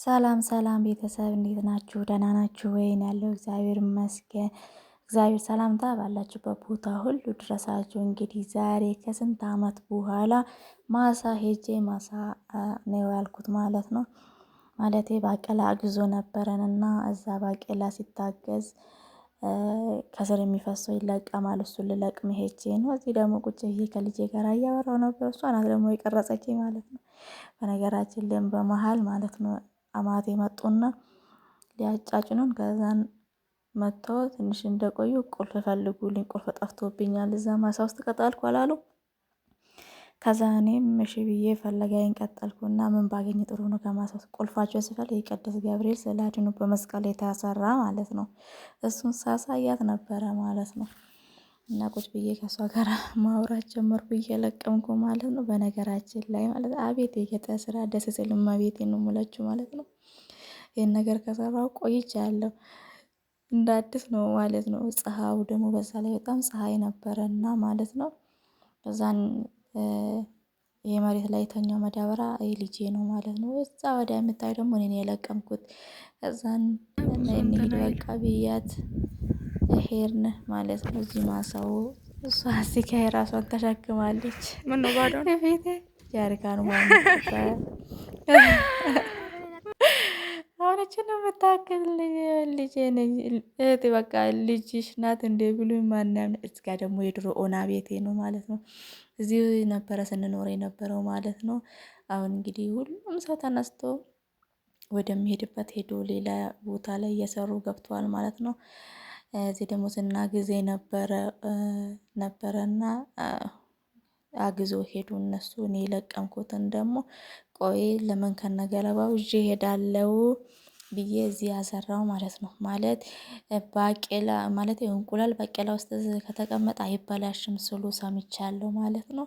ሰላም ሰላም ቤተሰብ እንዴት ናችሁ? ደህና ናችሁ ወይን? ያለው እግዚአብሔር ይመስገን። እግዚአብሔር ሰላምታ ባላችሁበት ቦታ ሁሉ ድረሳችሁ። እንግዲህ ዛሬ ከስንት አመት በኋላ ማሳ ሄጄ ማሳ ነው ያልኩት ማለት ነው። ማለቴ ባቄላ አግዞ ነበረን እና እዛ ባቄላ ሲታገዝ ከስር የሚፈሰው ይለቀማል። እሱ ልለቅም ሄጄ ነው። እዚህ ደግሞ ቁጭ ብዬ ከልጄ ጋር እያወራው ነበር። እሷ ናት ደግሞ የቀረጸች ማለት ነው። በነገራችን ላይ በመሀል ማለት ነው አማቴ መጡና ሊያጫጭኑን ከዛን መጥቶ ትንሽ እንደቆዩ ቁልፍ ፈልጉልኝ፣ ቁልፍ ጠፍቶብኛል፣ እዛ ማሳ ውስጥ ተቀጣልኩ አላሉ። ከዛ እኔም እሺ ብዬ ፈለጋዬን እና ምን ባገኝ ጥሩ ነው ከማሳ ውስጥ ቁልፋቸው ስፈል የቅዱስ ገብርኤል ስዕላድኑ በመስቀል የተሰራ ማለት ነው። እሱን ሳሳያት ነበረ ማለት ነው። እና ቁጭ ብዬ ከእሷ ጋር ማውራት ጀመርኩ እየለቀምኩ ማለት ነው። በነገራችን ላይ ማለት አቤት የገጠር ስራ ደስ ሲል እመቤቴ ነው የምለችው ማለት ነው። ይህን ነገር ከሰራው ቆይቻለሁ። እንደ አዲስ ነው ማለት ነው። ፀሐዩ ደግሞ በዛ ላይ በጣም ፀሐይ እና ማለት ነው። በዛን መሬት ላይ የተኛው መዳበራ ልጄ ነው ማለት ነው። እዛ ወዲያ የምታይ ደግሞ እኔን የለቀምኩት። ከዛን እንሂድ በቃ ብያት ሄርን ማለት ነው። እዚህ ማሳው እሷ ሲካሄ ራሷን ተሸክማለች። ምን ነው ባዶ ጃሪካን አሁነችን የምታክል ልጅ እህት በቃ ልጅሽ ናት እንደ ብሎ ማናምን። እዚጋ ደግሞ የድሮ ኦና ቤቴ ነው ማለት ነው። እዚህ ነበረ ስንኖር የነበረው ማለት ነው። አሁን እንግዲህ ሁሉም ሰው ተነስቶ ወደሚሄድበት ሄዶ ሌላ ቦታ ላይ እየሰሩ ገብተዋል ማለት ነው። እዚህ ደግሞ ስናግዝ የነበረ ነበረና አግዞ ሄዱ እነሱ። እኔ የለቀምኩትን ደግሞ ቆይ ለምን ገለባው ይዤ ሄዳለው ብዬ እዚህ ያሰራው ማለት ነው። ማለት ባቄላ ማለት እንቁላል ባቄላ ውስጥ ከተቀመጠ አይበላሽም ስሉ ሰምቻለሁ ማለት ነው።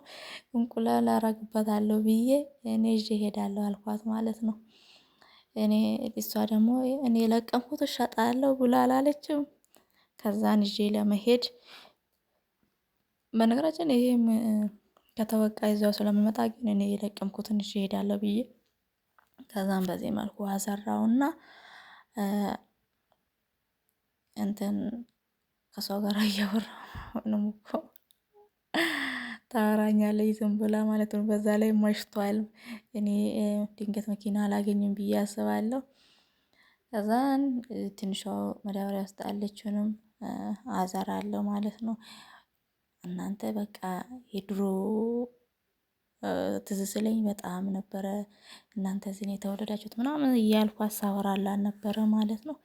እንቁላል አረግበታለሁ ብዬ እኔ እዤ ሄዳለሁ አልኳት ማለት ነው። እኔ እሷ ደግሞ እኔ የለቀምኩት እሸጣለሁ ብላ አላለችም። ከዛን ይዤ ለመሄድ በነገራችን ይሄም ከተወቃ ይዘው ስለምመጣ ግን እኔ የለቀምኩትን ይዤ እሄዳለሁ ብዬ ከዛም በዚህ መልኩ አሰራውና እንትን ከሰው ጋር እያወራሁ እኮ ታወራኛለች ዝም ብላ ማለት ነው። በዛ ላይ መሽቷል። እኔ ድንገት መኪና አላገኝም ብዬ አስባለሁ። ከዛን ትንሿ መዳበሪያ ውስጥ አለችውንም አዘር አለው ማለት ነው። እናንተ በቃ የድሮ ትዝ ስለኝ በጣም ነበረ እናንተ ዝን የተወለዳችሁት ምናምን እያልኩ አሳወራላን ነበረ ማለት ነው።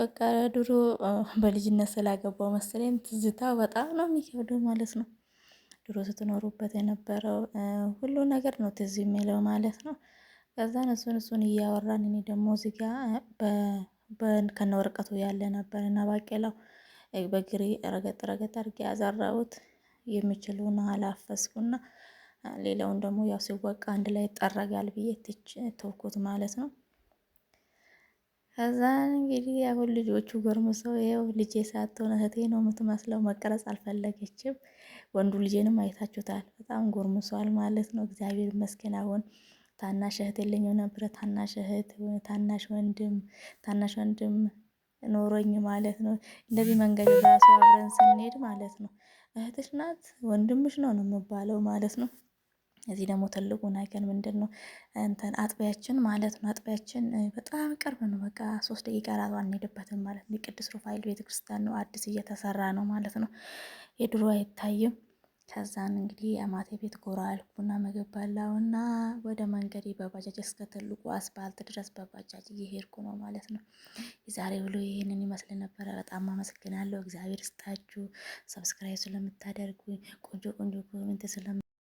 በቃ ድሮ በልጅነት ስላገባው መሰለኝ ትዝታ በጣም ነው የሚከብደው ማለት ነው። ድሮ ስትኖሩበት የነበረው ሁሉ ነገር ነው ትዝ የሚለው ማለት ነው። ከዛን እሱን እሱን እያወራን እኔ ደግሞ እዚህ በ ከነወረቀቱ ያለ ነበር እና ባቄላው በግሪ ረገጥ ረገጥ አድርጌ ያዘራሁት የምችለውን አላፈስኩና ሌላውን ደግሞ ያው ሲወቃ አንድ ላይ ይጠረጋል ብዬ ትች ተውኩት ማለት ነው። ከዛ እንግዲህ አሁን ልጆቹ ጎርምሰው ይኸው ልጄ ሳትሆን እህቴ ነው የምትመስለው። መቀረጽ አልፈለገችም። ወንዱ ልጄንም አይታችሁታል፣ በጣም ጎርምሷል ማለት ነው። እግዚአብሔር ይመስገን አሁን ታናሽ እህት የለኝም ነበረ። ታናሽ እህት፣ ታናሽ ወንድም፣ ታናሽ ወንድም ኖሮኝ ማለት ነው። እንደዚህ መንገድ ራሱ አብረን ስንሄድ ማለት ነው እህትሽ ናት ወንድምሽ ነው ነው የሚባለው ማለት ነው። እዚህ ደግሞ ትልቁ ነገር ምንድን ነው እንትን አጥቢያችን ማለት ነው። አጥቢያችን በጣም ቅርብ ነው። በቃ ሶስት ደቂቃ ራሱ አንሄድበትም ማለት ነው። የቅዱስ ሩፋኤል ቤተክርስቲያን ነው፣ አዲስ እየተሰራ ነው ማለት ነው። የድሮ አይታይም። ከዛን እንግዲህ አማቴ ቤት ጎራ አልኩና ምግብ በላውና ወደ መንገዴ በባጃጅ እስከ ትልቁ አስፓልት ድረስ በባጃጅ እየሄድኩ ነው ማለት ነው። የዛሬ ብሎ ይህንን ይመስል ነበረ። በጣም አመሰግናለሁ። እግዚአብሔር ስጣችሁ። ሰብስክራይብ ስለምታደርጉ ቆንጆ ቆንጆ ኮሜንት ስለምታደርጉ